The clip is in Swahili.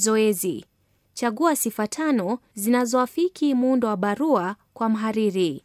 Zoezi: chagua sifa tano zinazoafiki muundo wa barua kwa mhariri.